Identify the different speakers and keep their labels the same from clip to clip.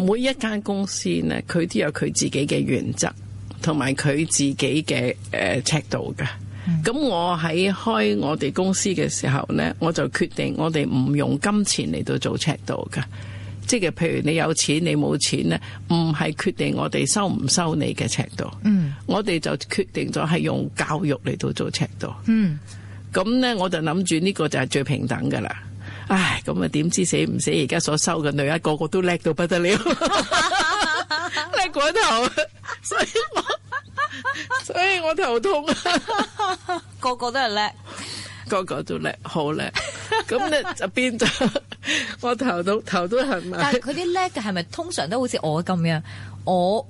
Speaker 1: 每一間公司呢，佢都有佢自己嘅原則，同埋佢自己嘅、呃、尺度嘅。咁、嗯、我喺開我哋公司嘅時候呢，我就決定我哋唔用金錢嚟到做尺度嘅。即係譬如你有錢，你冇錢呢，唔係決定我哋收唔收你嘅尺度。嗯，我哋就決定咗係用教育嚟到做尺度。嗯，咁呢我就諗住呢個就係最平等噶啦。唉，咁啊，點知死唔死？而家所收嘅女人，個個都叻到不得了，叻 過 頭，所以我所以我頭痛啊， 個個都係叻，個個都叻，好叻，咁咧就變咗，我頭都頭都痕埋。但係
Speaker 2: 佢啲叻嘅係咪通常都好似我咁樣？我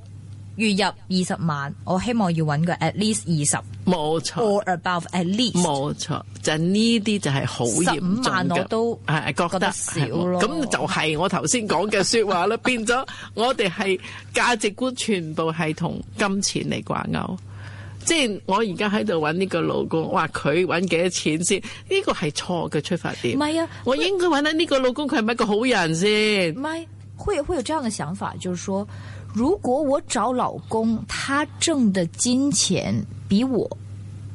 Speaker 2: 月入二十萬，我希望要揾個 at least 二十，冇
Speaker 1: 錯，or above at least，冇錯，就呢、是、啲就係好嚴重，十五萬我都係覺得少咯。咁就係我頭先講嘅說話啦， 變咗我哋係價值觀全部係同金錢嚟掛鈎，即係我而家喺度搵呢個老公，話佢搵幾多錢先？呢、這個係錯嘅出發點。唔係啊，我應該搵緊呢個老公佢係咪一個好人先？
Speaker 2: 唔係會會有這樣嘅想法，就是說。如果我找老公，他掙的金錢比我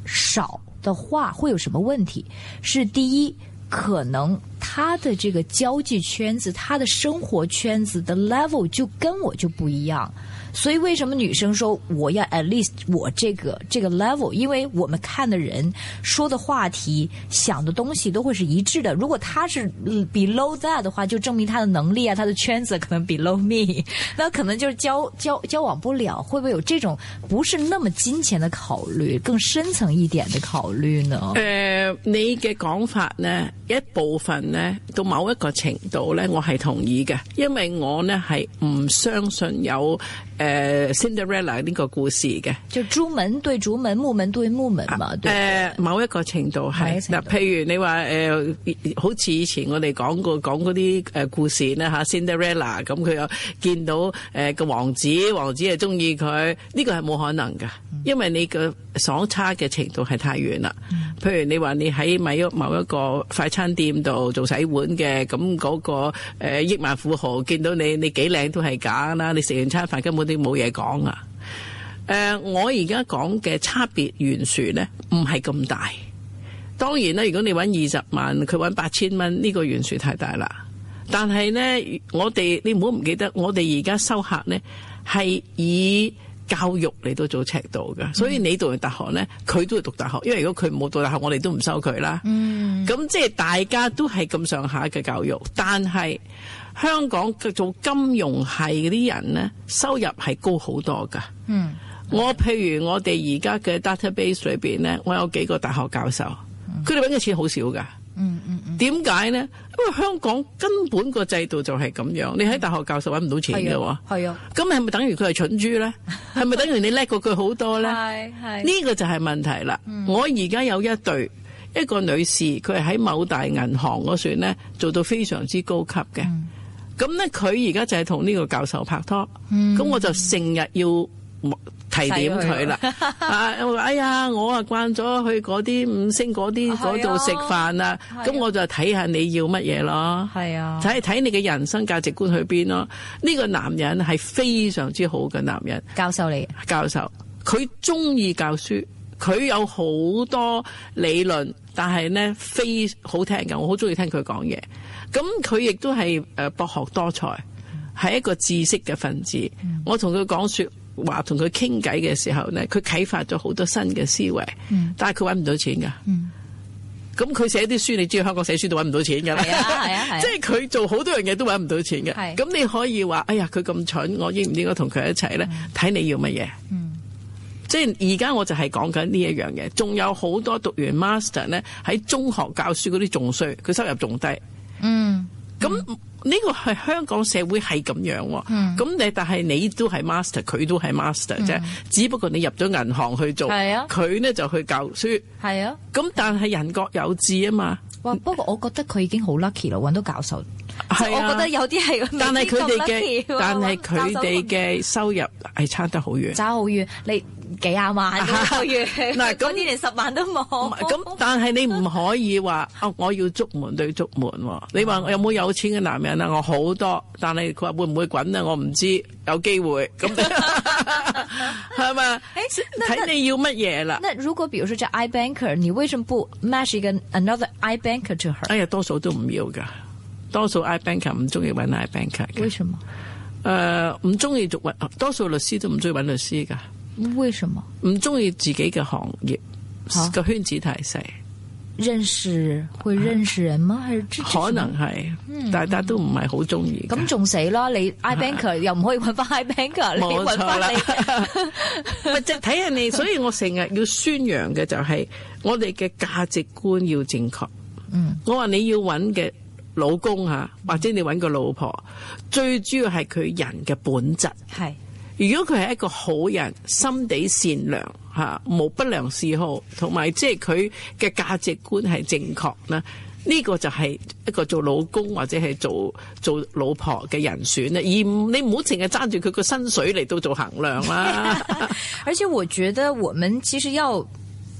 Speaker 2: 少的話，會有什麼問題？是第一，可能。他的這個交際圈子，他的生活圈子的 level 就跟我就不一樣，所以為什麼女生說我要 at least 我這個這個 level？因為我們看的人說的話題、想的東西都會是一致的。如果他是 below that 的話，就證明他的能力啊，他的圈子可能 below me，那可能就是交交交往不了。會不會有這種不是那麼金錢的考慮，更深層一點的考慮
Speaker 1: 呢？呃，你的講法呢，一部分。到某一個程度咧，我係同意嘅，因為我咧係唔相信有。誒，《Cinderella》呢個故事嘅，就朱門對朱門，木門對木門嘛，誒、uh, uh,，某一個程度係嗱，譬如你話誒，uh, 好似以前我哋講過講嗰啲誒故事啦吓，uh,《Cinderella》咁佢又見到誒個、uh, 王子，王子係中意佢，呢、這個係冇可能噶，因為你個爽差嘅程度係太遠啦。譬、uh -huh. 如你話你喺某一個快餐店度做洗碗嘅，咁嗰個誒億萬富豪見到你，你幾靚都係假啦，你食完餐飯根本。你冇嘢講啊！誒、呃，我而家講嘅差別懸殊咧，唔係咁大。當然啦，如果你搵二十萬，佢搵八千蚊，呢、這個懸殊太大啦。但係咧，我哋你唔好唔記得，我哋而家收客咧係以教育嚟到做尺度嘅，嗯。所以你讀完大學咧，佢都會讀大學，因為如果佢冇讀大學，我哋都唔收佢啦。嗯，咁即係大家都係咁上下嘅教育，但係。香港做金融係嗰啲人咧，收入係高好多噶。嗯，我譬如我哋而家嘅 database 裏邊咧，我有幾個大學教授，佢哋揾嘅錢好少噶。嗯嗯，點解咧？因為香港根本個制度就係咁樣，你喺大學教授揾唔到錢嘅喎。係啊、嗯，咁係咪等於佢係蠢豬咧？係咪等於你叻過佢好多咧？係，係，呢個就係問題啦、嗯。我而家有一對一個女士，佢係喺某大銀行嗰度咧做到非常之高級嘅。嗯咁咧，佢而家就係同呢個教授拍拖，咁、嗯、我就成日要提點佢啦。 啊，我話：「哎呀，我啊慣咗去嗰啲五星嗰啲嗰度食飯啊，咁、啊、我就睇下你要乜嘢咯。係啊，睇睇你嘅人生價值觀去邊咯。呢、這個男人係非常之好嘅男人。教授嚟。教授，佢中意教書，佢有好多理論。但係咧，非好聽嘅，我好中意聽佢講嘢。咁佢亦都係博學多才，係、嗯、一個知識嘅分子。嗯、我同佢講說話，同佢傾偈嘅時候咧，佢啟發咗好多新嘅思維。嗯、但係佢揾唔到錢㗎。咁、嗯、佢寫啲書，你知香港寫書都揾唔到錢㗎啦。啊，即係佢做好多樣嘢都揾唔到錢嘅。咁你可以話：哎呀，佢咁蠢，我應唔應該同佢一齊咧？睇、嗯、你要乜嘢。嗯即係而家我就係講緊呢一樣嘢，仲有好多讀完 master 咧喺中學教書嗰啲仲衰，佢收入仲低。嗯，咁呢、嗯呢個係香港社會係咁樣。嗯，咁你但係你都係 master，佢都係 master 啫、嗯，只不過你入咗銀行去做，係啊，佢咧就去教書，係啊。咁但係人各有志啊嘛。哇，不過我覺得佢已經好 lucky 啦，搵到教授。係、啊，我覺得有啲係咁，但係佢哋嘅，但係佢哋嘅收入係差得好遠，差
Speaker 2: 好遠，你幾廿萬遠，差好遠，嗱嗰年連十萬都冇。咁
Speaker 1: 但係你唔可以話， 哦，我要捉門對捉門。你話我有冇有,有錢嘅男人啊？我好多，但係佢話會唔會滾啊？我唔知，有機會咁係嘛？睇、 欸、你要乜嘢啦？
Speaker 2: 如果比如說隻 I banker，你為什麼不 match 一個 another I banker to her？哎呀，多數都唔要噶。
Speaker 1: 多數 i banker 唔中意揾 i banker。為什麼？誒、呃，唔中意做，多數律師都唔中意揾律師噶。
Speaker 2: 為什麼？
Speaker 1: 唔中意自己嘅行業、啊這個圈子太細，
Speaker 2: 認識會認識人嗎？啊、還是可能係、嗯、大家都唔
Speaker 1: 係好中意咁，仲、
Speaker 2: 嗯、死啦！你 i banker 又唔可以揾翻 i banker，你揾翻你
Speaker 1: 咪即係睇人哋。所以我成日要宣揚嘅就係我哋嘅價值觀要正確。嗯、我話你要揾嘅。老公吓，或者你揾個老婆，最主要係佢人嘅本質。係如果佢係一個好人，心地善良吓，冇不良嗜好，同埋即係佢嘅價值觀係正確啦，呢個就係一個做老公或者係做做老婆嘅人選啦。而你唔好淨係揸住佢個薪水嚟到做衡量啦。
Speaker 2: 而且，我覺得我們其實要。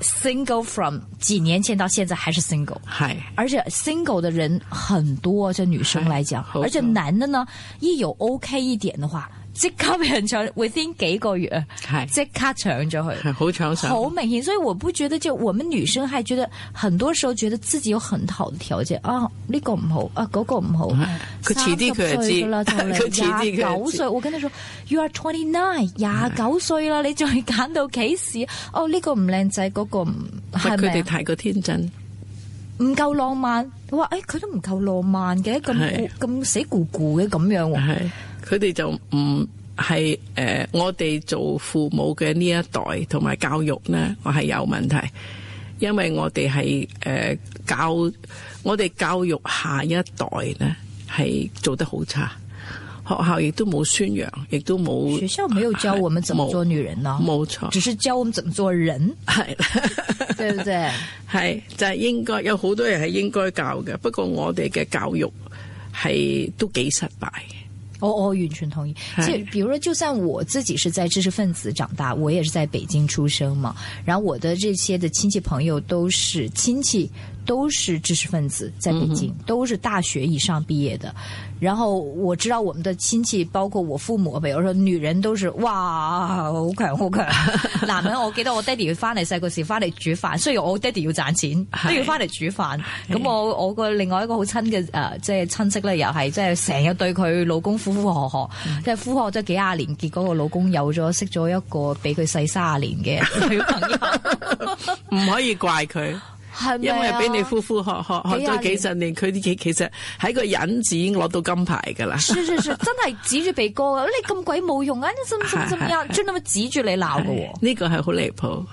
Speaker 2: single from 幾年前到現在還是 single，Hi. 而且 single 的人很多，這女生來講，而且男的呢，一有 OK 一點的話。即刻俾人搶 within 幾個月，係即刻搶咗佢，係好搶手，好明顯。所以我不覺得，就我們女生，係覺得很多時候覺得自己有很好的條件啊，呢個唔好啊，嗰個唔好。佢遲啲佢就知啦，佢遲啲佢廿九歲。我跟他說，You are twenty nine，廿九歲啦，你再揀到幾時？哦，呢個唔靚仔，嗰個唔係。佢哋太過天真。唔夠浪漫，佢話誒，佢都唔夠浪漫嘅，咁咁死咕咕嘅咁樣，佢
Speaker 1: 哋就唔係誒，我哋做父母嘅呢一代同埋教育咧，我係有問題，因為我哋係誒教我哋教育下一代咧，係做得好差。學校亦都冇宣揚，亦都冇學校沒有教我們怎麼做女人咯、啊，冇錯，只是教我們怎麼做人，係，對， 對不對？係就係、是、應該有好多人係應該教嘅，不過我哋嘅教育係都幾失敗。
Speaker 2: 我我完全同意。即係比如說，就算我自己是在知識分子長大，我也是在北京出生嘛，然後我的這些的親戚朋友都是親戚，都是知識分子，在北京、嗯，都是大學以上畢業的。然後我知道我們的親戚，包括我父母，譬如說女人都是哇好強好強，強男人 我記得，我爹哋要翻嚟，細個時翻嚟煮飯，雖然我爹哋要賺錢都要翻嚟煮飯，咁我我個另外一個好親嘅誒，即、呃、係、就是、親戚咧，又係即係成日對佢老公呼呼喝喝，即係呼喝咗幾廿年，結果個老公有咗識咗一個比佢細卅年嘅女朋
Speaker 1: 友，唔 可以怪佢。是不是啊？因為俾你呼呼喝喝，喝咗幾十年，佢啲其其實喺個引子已經攞到金牌噶啦。算
Speaker 2: 算真係指住鼻哥噶，你咁鬼冇用啊！你什什什乜呀？
Speaker 1: 專登咪指住你鬧噶。呢、這個係好離譜。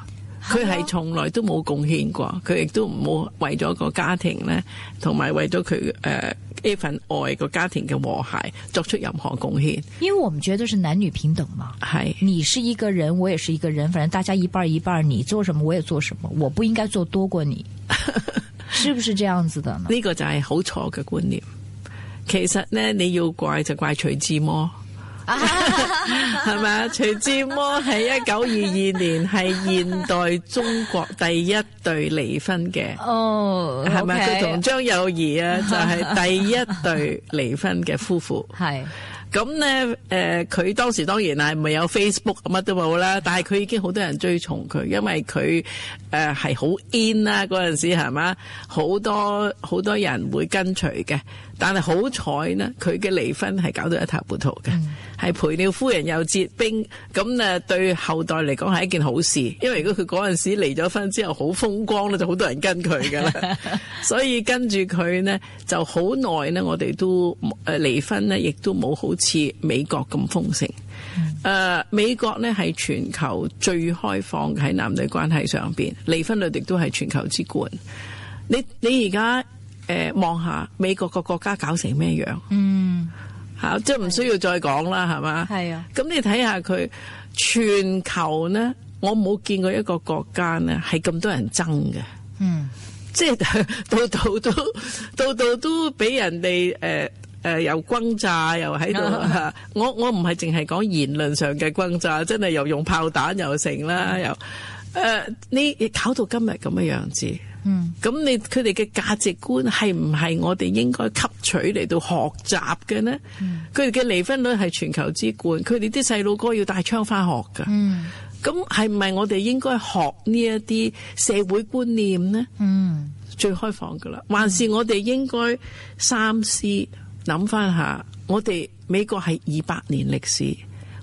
Speaker 1: 佢係從來都冇貢獻過，佢亦都冇為咗個家庭呢，同埋為咗佢誒呢份愛個家庭嘅和諧作出任何貢獻。
Speaker 2: 因為我們覺得是男女平等嘛，係你是一個人，我也是一個人，反正大家一半一半，你做什麼我也做什
Speaker 1: 麼，我不應該做多過你， 是不是這樣子的呢？呢、這個就係好錯嘅觀念。其實呢，你要怪就怪徐志摩。係 咪？徐志摩係一九二二年係現代中國第一對離婚嘅，
Speaker 2: 係咪？oh, okay。佢同
Speaker 1: 張幼儀啊，就係第一對離婚嘅夫婦。係咁咧，誒，佢、呃、當時當然係唔係有 Facebook 乜都冇啦，但係佢已經好多人追從佢，因為佢誒係好 in 啦嗰陣時，係咪？好多好多人會跟隨嘅。但係好彩呢，佢嘅離婚係搞到一塌糊塗嘅，係、嗯、賠了夫人又折兵，咁咧對後代嚟講係一件好事，因為如果佢嗰陣時離咗婚之後好風光咧，就好多人跟佢㗎啦。 所以跟住佢呢就好耐呢我哋都誒離婚呢亦都冇好似美國咁風盛，誒、嗯呃、美國呢係全球最開放喺男女關係上面，離婚率亦都係全球之冠。你你而家？誒望下美國個國家搞成咩樣？嗯，嚇、啊，即係唔需要再講啦，係嘛？係啊。咁你睇下佢全球呢，我冇見過一個國家呢係咁多人憎嘅。嗯，即係到到都到到都俾人哋誒誒又轟炸，又喺度、 啊。我我唔係淨係講言論上嘅轟炸，真係又用炮彈又成啦，又誒、呃、你搞到今日咁嘅樣子。嗯，咁你佢哋嘅價值觀係唔係我哋應該吸取嚟到學習嘅呢？佢哋嘅離婚率係全球之冠，佢哋啲細路哥要帶槍翻學噶。咁係唔係我哋應該學呢一啲社會觀念呢？嗯，最開放噶啦，還是我哋應該三思，諗翻下，我哋美國係二百年歷史，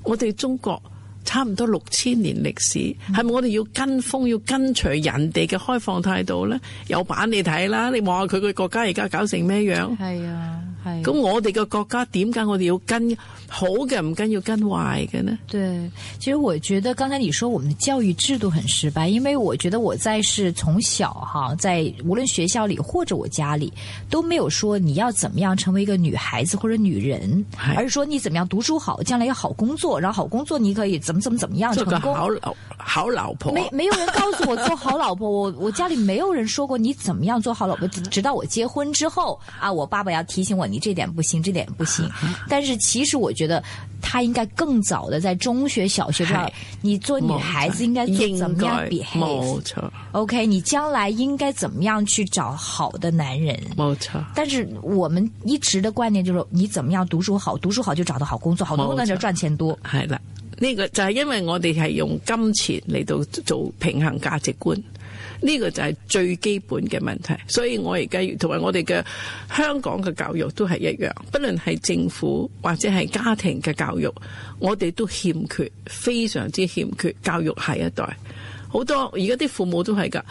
Speaker 1: 我哋中國，差唔多六千年歷史，係咪我哋要跟風要跟隨人哋嘅開放態度咧？有板你睇啦，你望下佢嘅國家而家搞成咩樣？係啊。咁我哋嘅國家點解我哋要跟好嘅唔跟要跟壞嘅呢？對，其實我覺得剛才你說我們的教育制度很失敗，因為我覺得我在
Speaker 2: 是從小哈，在無論學校裏或者我家裏都沒有說你要怎麼樣成為一個女孩子或者女人，是而是說你怎麼樣讀書好，將來有好工作，然後好工作你可以怎麼怎麼怎麼樣成功好
Speaker 1: 老好老婆，沒沒有人告訴我做好老
Speaker 2: 婆，我 我家裏沒有人說過你怎麼樣做好老婆，直到我結婚之後啊，我爸爸要提醒我。你這點不行，這點不行，啊。但是其實我覺得，他應該更早的在中學、小學，你做女孩子應該怎麼樣 behave，
Speaker 1: 沒錯
Speaker 2: ？OK，你將來應該怎麼樣去找好的男人？沒錯。但是我們一直的觀念就是，你怎麼樣讀書好，讀書好就找到好工作，好工作那就賺錢多。
Speaker 1: 係啦，呢個就係、是、因為我哋係用金錢嚟到做平衡價值觀。呢、這個就係最基本嘅問題，所以我而家同埋我哋嘅香港嘅教育都係一樣，不論係政府或者係家庭嘅教育，我哋都欠缺，非常之欠缺教育下一代，好多而家啲父母都係㗎。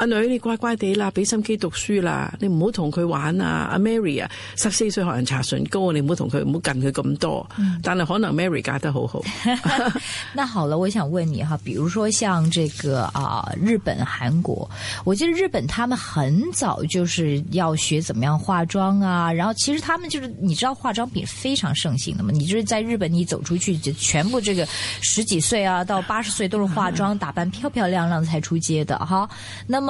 Speaker 1: 阿女，你乖乖哋啦，俾心機讀書啦，你唔好同佢玩啊！阿 Mary 啊，十四歲學人搽唇膏，你唔好同佢，唔好近佢咁多。嗯、但係可能 Mary 嫁得好好。
Speaker 2: 那好了，我想問你哈，比如說像這個啊，日本、韓國，我記得日本他們很早就是要學怎麼樣化妝啊，然後其實他們就是你知道化妝品非常盛行的嘛，你就是在日本你走出去，全部這個十幾歲啊到八十歲都是化妝、嗯、打扮漂漂亮亮才出街的哈。那麼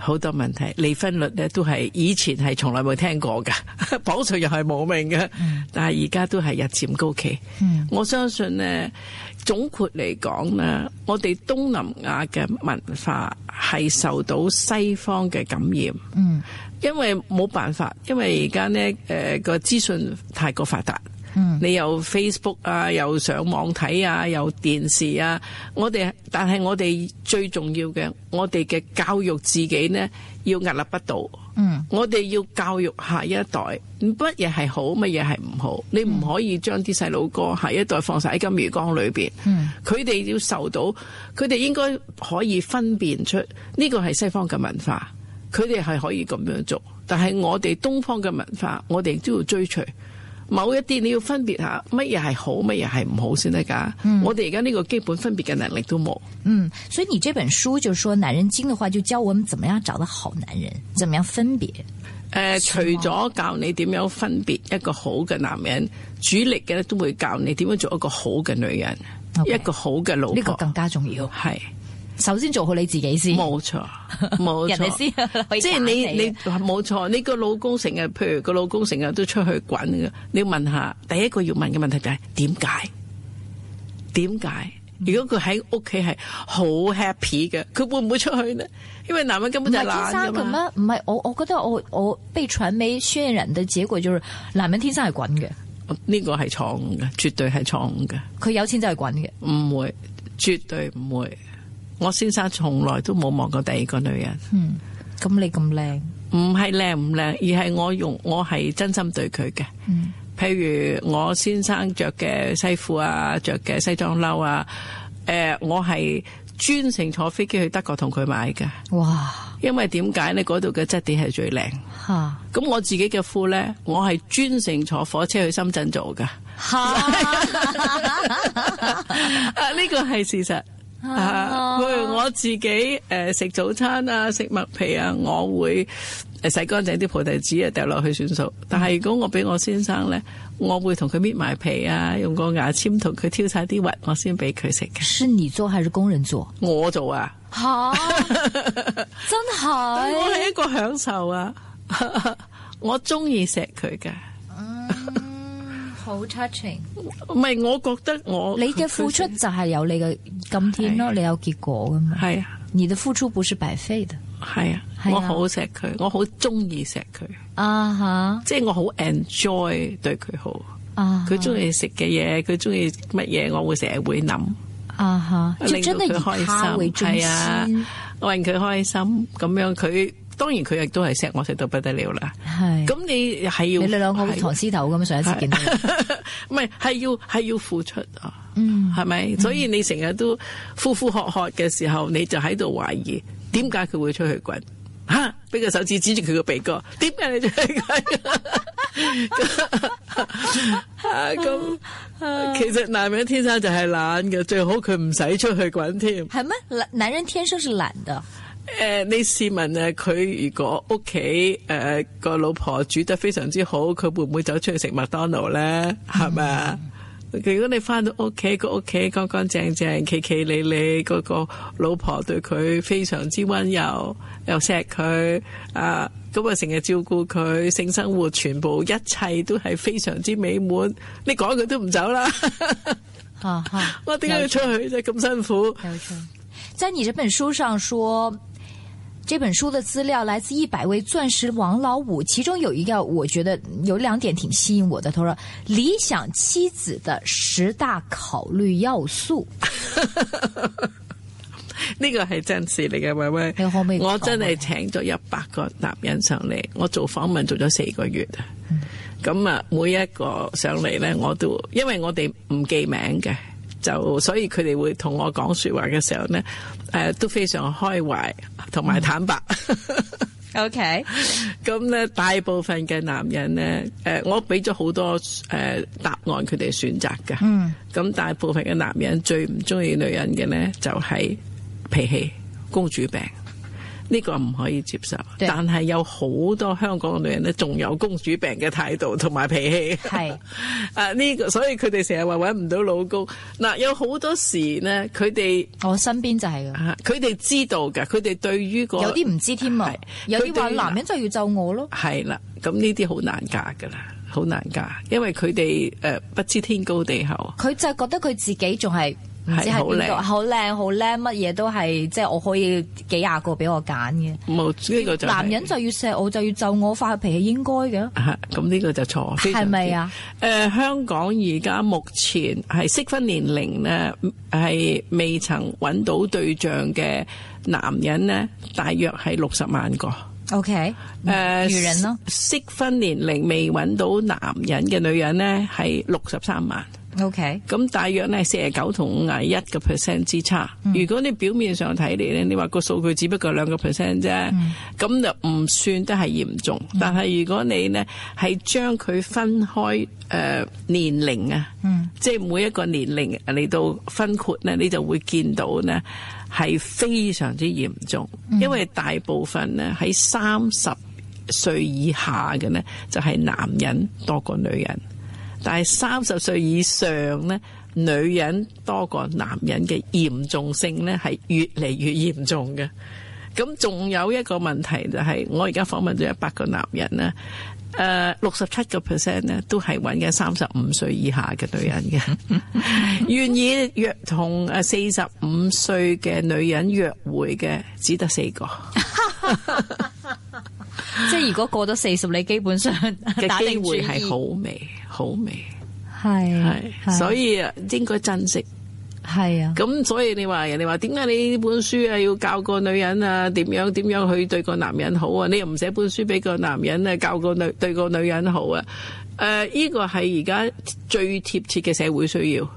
Speaker 1: 好多問題，離婚率咧都係以前係從來冇聽過嘅，榜上又係無名嘅，但係而家都係日漸高企。嗯。我相信咧總括嚟講咧，我哋東南亞嘅文化係受到西方嘅感染，嗯，因為冇辦法，因為而家呢誒個資訊太過發達。你又 Facebook 啊，又上網睇啊，又電視啊，我哋但係我哋最重要嘅，我哋嘅教育自己呢，要屹立不倒。嗯，我哋要教育下一代，乜嘢係好，乜嘢係唔好，嗯、你唔可以將啲細路哥下一代放晒喺金魚缸裏邊。佢、嗯、哋要受到，佢哋應該可以分辨出呢個係西方嘅文化，佢哋係可以咁樣做，但係我哋東方嘅文化，我哋都要追隨。某一啲你要分別下乜嘢係好，乜嘢係唔好先得㗎。我哋而家呢個基本分別嘅能力都冇。
Speaker 2: 嗯，所以你這本書就是說男人精嘅話，就教我們怎麼樣找到好男人，怎麼樣分別。
Speaker 1: 誒、呃，除咗教你點樣分別一個好嘅男人，嗯、主力嘅咧都會教你點樣做一個好嘅女人，okay, 一個好嘅老公，這個、更加重要係。首先做好你自己先沒錯，冇錯，冇
Speaker 2: 錯，即係你
Speaker 1: 是你冇錯。你個老公成日，譬如個老公成日都出去滾嘅，你要問下第一個要問嘅問題就係點解？點解？如果佢喺屋企係好 happy 嘅，佢會唔會出去呢？因為男人根本就係天生咁嘛。
Speaker 2: 唔係我我覺得我我被傳媒渲染嘅結果就是男人天生係滾嘅。
Speaker 1: 呢個係錯誤嘅？絕對係錯誤嘅。佢有錢就係滾嘅，唔會，絕對唔會。我先生從來都冇望過第二個女人。嗯，咁你咁靚，唔係靚唔靚，而係我用我係真心對佢嘅。嗯，譬如我先生着嘅西褲啊，着嘅西裝褸啊，誒、呃，我係專程坐飛機去德國同佢買嘅。哇！因為點解呢？嗰度嘅質地係最靚吓。咁我自己嘅褲呢，我係專程坐火車去深圳做噶。吓，呢、 啊這個係事實。啊！譬如我自己，誒、呃、食早餐啊，食麥皮啊，我會誒洗乾淨啲菩提子啊，掉落去算數。但係如果我俾我先生咧，我會同佢搣埋皮啊，用個牙籤同佢挑晒啲核，我先俾佢食嘅。是你做還是工人做？我做啊，係、啊、真係， 我係一個享受啊， 我中意錫佢嘅。 好、oh, touching，唔係我覺得我你嘅付出就係有你嘅今天咯、啊，你有結果噶嘛？係啊，你嘅付出不是白費的。係啊，啊，我好錫佢，我好中意錫佢
Speaker 2: 啊吓！即、
Speaker 1: uh、係 -huh. 我好 enjoy 對佢好
Speaker 2: 啊，佢中意
Speaker 1: 食嘅嘢，佢中意乜嘢，我會成日會諗
Speaker 2: 啊吓！Uh -huh. 就真係以他為中心，
Speaker 1: 為佢開心，咁、啊啊、樣佢。當然佢亦都係錫我食到不得了啦。係咁你係要你哋兩個
Speaker 2: 糖黐豆咁，上一次見
Speaker 1: 到，唔係係要係要付出啊？嗯，係咪？所以你成日都呼呼喝喝嘅時候，你就喺度懷疑，點解佢會出去滾？吓、啊，俾個手指指住佢個鼻哥，點解你出去滾？咁， 其實男人天生就係懶嘅，最好佢唔使出去滾添。係咩？男男人天生係懶㗎。誒、呃，你試問啊，佢如果屋企誒個老婆煮得非常之好，佢會唔會走出去食麥當勞咧？係咪啊？如果你翻到屋企個屋企乾乾淨淨、企企理理，嗰個老婆對佢非常之溫柔，又錫佢啊，咁啊成日照顧佢，性生活全部一切都係非常之美滿，你講佢都唔走啦。 啊哈！我點解要出去就係咁辛苦？
Speaker 2: 在你這本書上說。這本書的資料來自一百位鑽石王老五，其中有一個我覺得有兩點挺吸引我的。他說理想妻子的十大考慮要素，
Speaker 1: 呢 個係真事嚟嘅。喂喂，我真係請咗一百個男人上嚟，我做訪問做咗四個月啊，咁、嗯、啊每一個上嚟呢，我都因為我哋唔記名嘅，就所以佢哋會同我講說話嘅時候呢。誒、呃，都非常開懷，同埋坦白。Mm. OK，咁咧，大部分嘅男人咧，誒、呃，我俾咗好多誒、呃、答案，佢哋選擇㗎。嗯，咁大部分嘅男人最唔中意女人嘅咧，就係、是、脾氣、公主病。呢、這個唔可以接受，但係有好多香港嘅女人咧，仲有公主病嘅態度同埋脾氣。係，啊呢、這個所以佢哋成日話揾唔到老公。嗱、啊，有好多時咧，佢哋我身邊就係嘅。佢、啊、哋知道㗎，佢哋對於、個有啲唔知添啊，有啲話男人就要就我咯。係啦，咁呢啲好難嫁㗎啦，好難嫁，因為佢哋誒不知天高地厚。
Speaker 2: 佢就係覺得佢自己仲係。唔知係好靚好靚乜嘢都係，即係我可以幾廿個俾我揀嘅。冇，呢個就男人就要錫，我就要就我發脾氣應該嘅。
Speaker 1: 咁呢個就錯。係咪啊？誒，香港而家目前係適婚年齡咧，係未曾揾到對象嘅男人咧，大約係六十萬個。OK，誒，女人咯，適婚年齡未揾到男人嘅女人咧，係六十三萬。O.K. 咁大約咧四十九同五十一個 percent 之差，嗯。如果你表面上睇嚟咧，你話個數據只不過兩個 percent 啫，咁、嗯、就唔算得係嚴重。嗯、但係如果你咧係將佢分開誒、呃、年齡啊、嗯，即係每一個年齡嚟到分括咧，你就會見到咧係非常之嚴重。嗯、因為大部分咧喺三十歲以下嘅咧就係、是、男人多過女人。但係三十歲以上咧，女人多過男人嘅嚴重性咧，係越嚟越嚴重嘅。咁仲有一個問題就係、是，我而家訪問咗一百個男人咧，誒，六十七個 percent 咧都係揾緊三十五歲以下嘅女人嘅，願 意約同誒四十五歲嘅女人約會嘅，只得四個。 即係如果過咗四十，你基本上嘅機會係好微好微，係係所以該啊，應該珍惜係啊。咁所以家你話人哋話點解你呢本書啊要教個女人啊點樣點樣去對個男人好啊？你又唔寫本書俾個男人啊教個女對個女人好啊？誒，呃，呢個係而家最貼切嘅社會需要。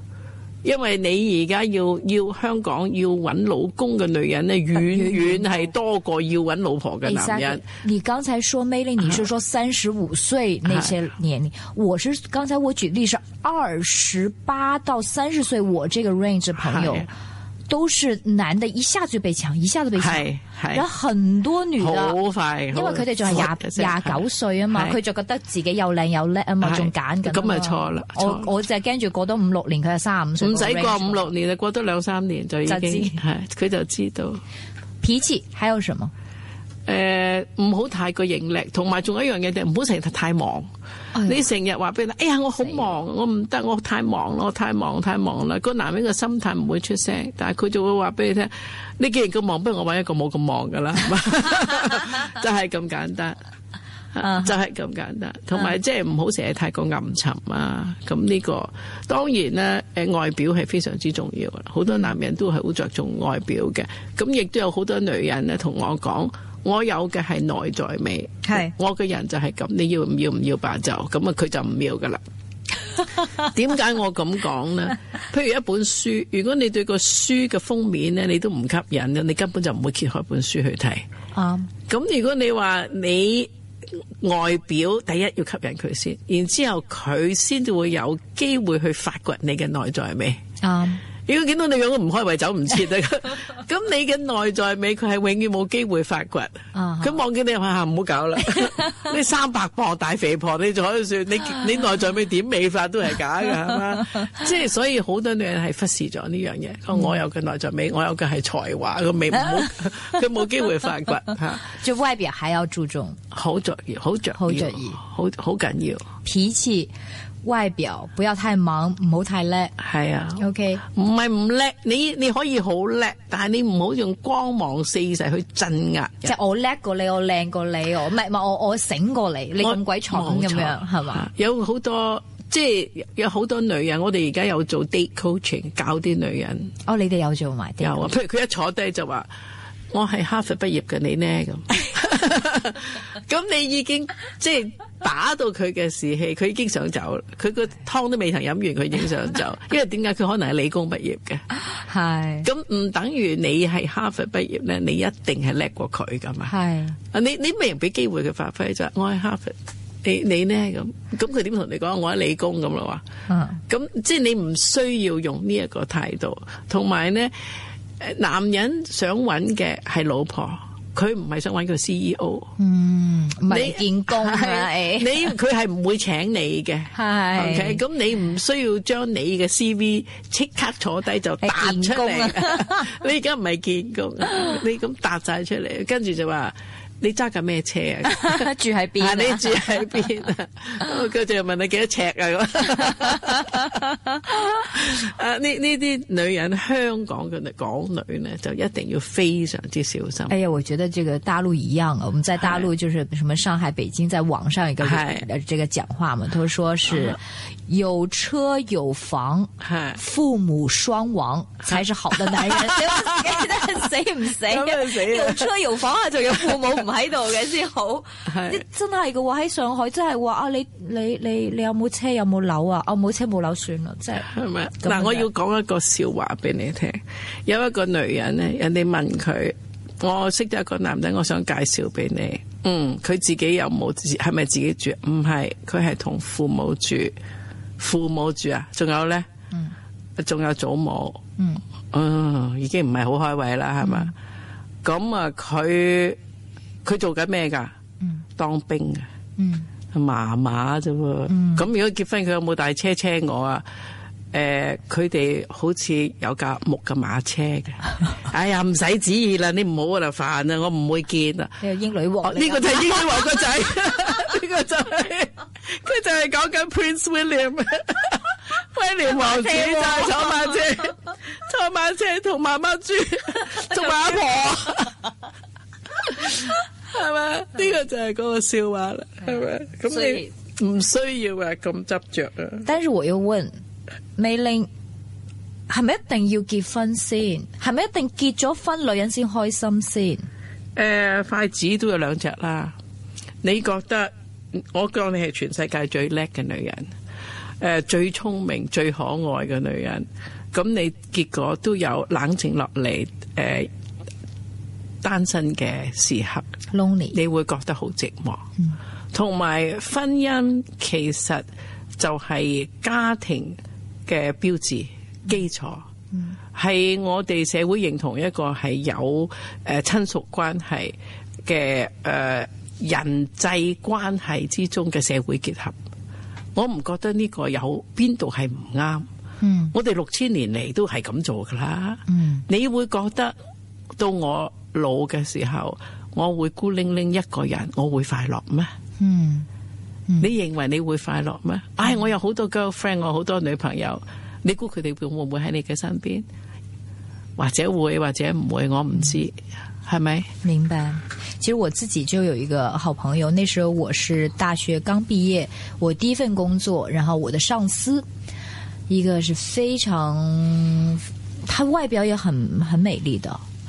Speaker 1: 因為你而家要要香港要揾老公嘅女人呢，遠遠係多過要揾老婆嘅男人。
Speaker 2: 你剛才說梅玲，你是說三十五歲那些年齡？Uh -huh. 我是剛才我舉例是二十八到三十歲，我這個 range 朋友。Uh -huh. 都是男的，一下子就被搶，一下子被搶，然後很多女的很快，很快，因為佢哋仲係廿廿九歲啊嘛，佢就覺得自己又靚又叻啊嘛，仲揀緊，咁咪錯啦，我我就係驚住過多五六年佢就三十五歲，唔使過五
Speaker 1: 六年，過多兩三年就已經係，佢就知道，就知道脾氣，還有什麼？誒、呃，唔好太過盈力，同埋仲有一樣嘢就唔好成日太忙。哎、你成日話俾你聽，哎呀，我好忙，我唔得，我太忙咯，我太忙太忙啦。個男人嘅心態唔會出聲，但係佢就會話俾你聽。你既然咁忙，不如我揾一個冇咁忙噶啦， 就係咁簡單，uh -huh. 就係咁簡單。同埋即係唔好成日太過暗沉啊。咁呢、個當然咧，誒、呃，外表係非常之重要。好多男人都係好着重外表嘅。咁亦都有好多女人咧同我講。我有嘅係內在美，係我嘅人就係咁。你要唔要唔要罷就咁啊？佢就唔要噶啦。點解我咁講呢？ 譬如一本書，如果你對個書嘅封面咧，你都唔吸引咧，你根本就唔會揭開本書去睇。啊，咁如果你話你外表第一要吸引佢先，然之後佢先至會有機會去發掘你嘅內在美。Um, 如果見到你樣唔開胃走唔切啊！咁 你嘅內在美佢係永遠冇機會發掘。咁、uh、望 -huh. 見你下下唔好搞啦！了 你三百磅大肥婆，你再算你你內在美點美法都係假㗎，即 係 所以好多女人係忽視咗呢樣嘢。 我有佢內在美，我有嘅係才華嘅美，佢冇佢冇機會發掘嚇。 就外表還要注重，好著意，好著意，好著意，
Speaker 2: 好好緊要。脾氣。外表不要太猛，唔好太叻？係啊，OK，唔係唔叻，你你可以好叻，但係你唔好用光芒四射去鎮壓。即係我叻過你，我靚過你，我唔係唔係我我醒過你，你咁鬼蠢咁樣係嘛？啊，
Speaker 1: 有好多即係有好多女人，我哋而家有做 date coaching，教啲女人。哦，你哋有做埋啲？有啊，譬如佢一坐低就話。我係哈佛畢業嘅，你呢？咁 咁 你已經即係打到佢嘅士氣，佢已經想走，佢 個湯都未曾飲完，佢已經想走。 因為點解佢可能係理工畢業嘅？係咁唔等於你係哈佛畢業咧，你一定係叻過佢咁啊？係啊， 你你未俾機會佢發揮啫。我係哈佛，你你呢？咁咁佢點同你講？我喺理工咁咯。話 咁即係你唔需要用呢一個態度，同埋咧。男人想揾嘅係老婆，佢唔係想揾個 CEO。嗯，
Speaker 2: 唔係見工啊，你
Speaker 1: 佢係唔會請你嘅。係 ，OK，咁你唔需要將你嘅 CV 即刻坐低就彈出嚟，啊 啊。你而家唔係見工，你咁答晒出嚟，跟住就話。你揸緊咩車啊？
Speaker 2: 住喺邊啊？ 你住喺邊
Speaker 1: 啊？佢仲要問你幾多尺啊？咁啊？呢呢啲女人，香港嘅港女呢，就一定要非常之小心。
Speaker 2: 哎呀，我覺得這個大陸一樣啊！我們在大陸就是什麼上海、北京，在網上一個誒，這個講話嘛，都是說是有車有房、父母雙亡才是好的男人，對 嗎 不死？ 死唔死 有車有房啊，就有父母。唔喺度嘅先好，係 真係嘅話喺上海真，真係話啊。你你你你有冇車有冇樓啊？我、啊、冇車冇樓，算啦。即係係
Speaker 1: 咪啊？嗱，我要講一個笑話俾你聽。有一個女人咧，人哋問佢：我識得一個男仔，我想介紹俾你。嗯，佢自己又冇自係咪自己住？唔係，佢係同父母住。父母住啊？仲有咧？嗯，仲有祖母。嗯，嗯，已經唔係好開胃啦，係咪？咁啊，佢。佢做緊咩噶？當兵。嗯，佢麻麻啫喎。咁、嗯、如果結婚，佢有冇帶車車我啊？誒、呃，佢哋好似有架木嘅馬車嘅。 哎呀，唔使旨意啦，你唔好啦，煩啊，我唔會見啊。你英女王呢、哦呢個就係英女王個仔，呢 個就佢、是、就係講緊 Prince William， 威廉王子就係坐馬車， 坐馬車同媽媽住，做 埋阿婆。 係嘛？呢、這個就係嗰個笑話啦，係咪？咁你唔需要執啊，咁執着啊。但係我又問
Speaker 2: 梅玲，係咪一定要結婚先？係咪一定結咗
Speaker 1: 婚女人先開心先？誒、呃，筷子都有兩隻啦。你覺得我覺得你係全世界最叻嘅女人，誒、呃，最聰明、最可愛嘅女人，咁你結果都有冷靜落嚟誒。呃單身嘅時刻、Lonely，你會覺得好寂寞。同、嗯、埋婚姻其實就係家庭嘅標誌基礎，係、嗯、我哋社會認同一個係有誒親屬關係嘅誒人際關係之中嘅社會結合。我唔覺得呢個有邊度係唔啱。我哋六千年嚟都係咁做㗎啦、嗯。你會覺得到我。老嘅時候，我會孤零零一個人，我會快樂咩、嗯？嗯，你認為你會快樂咩？唉、哎，我有好多 girlfriend，我好多女朋友，你估佢哋會唔會喺你嘅身邊？或者會，或者唔會，我唔知，係、嗯、咪？
Speaker 2: 明白。其實我自己就有一個好朋友，那時候我是大學剛畢業，我第一份工作，然後我的上司一個是非常，她外表也很很美麗的。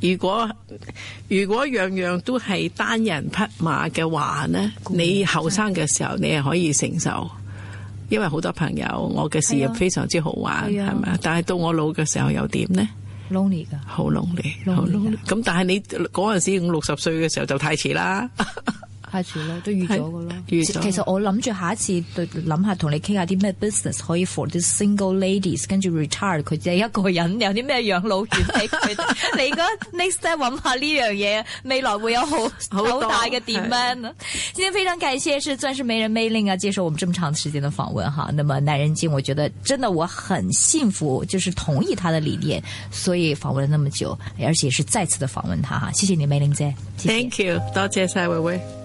Speaker 1: 如果如果，樣樣都係單人匹馬嘅話呢？你後生嘅時候你係可以承受，因為好多朋友我嘅事業非常之好玩，係咪？但係到我老嘅時候又點呢？lonely 噶，好 lonely，好 lonely。咁但係你嗰陣時五六十歲嘅時候就太遲啦。
Speaker 2: 開始咯，都預咗嘅咯。其實我諗住下次一次對諗下同你傾下啲咩 business 可以 for 啲 single ladies，跟住 retired 佢即係一個人有啲咩養老院益佢。 你覺得 next 咧揾下呢樣嘢，未來會有好好，好大嘅 demand 啊！今天非常感謝是鑽石媒人梅玲啊，接受我們這麼長時間的訪問哈、啊。那麼男人精，我覺得真的我很幸福，就是同意他的理念，所以訪問了那麼久，而且也是再次的訪問他哈、啊。謝謝你梅玲姐謝
Speaker 1: 謝，Thank you，多謝曬薇薇。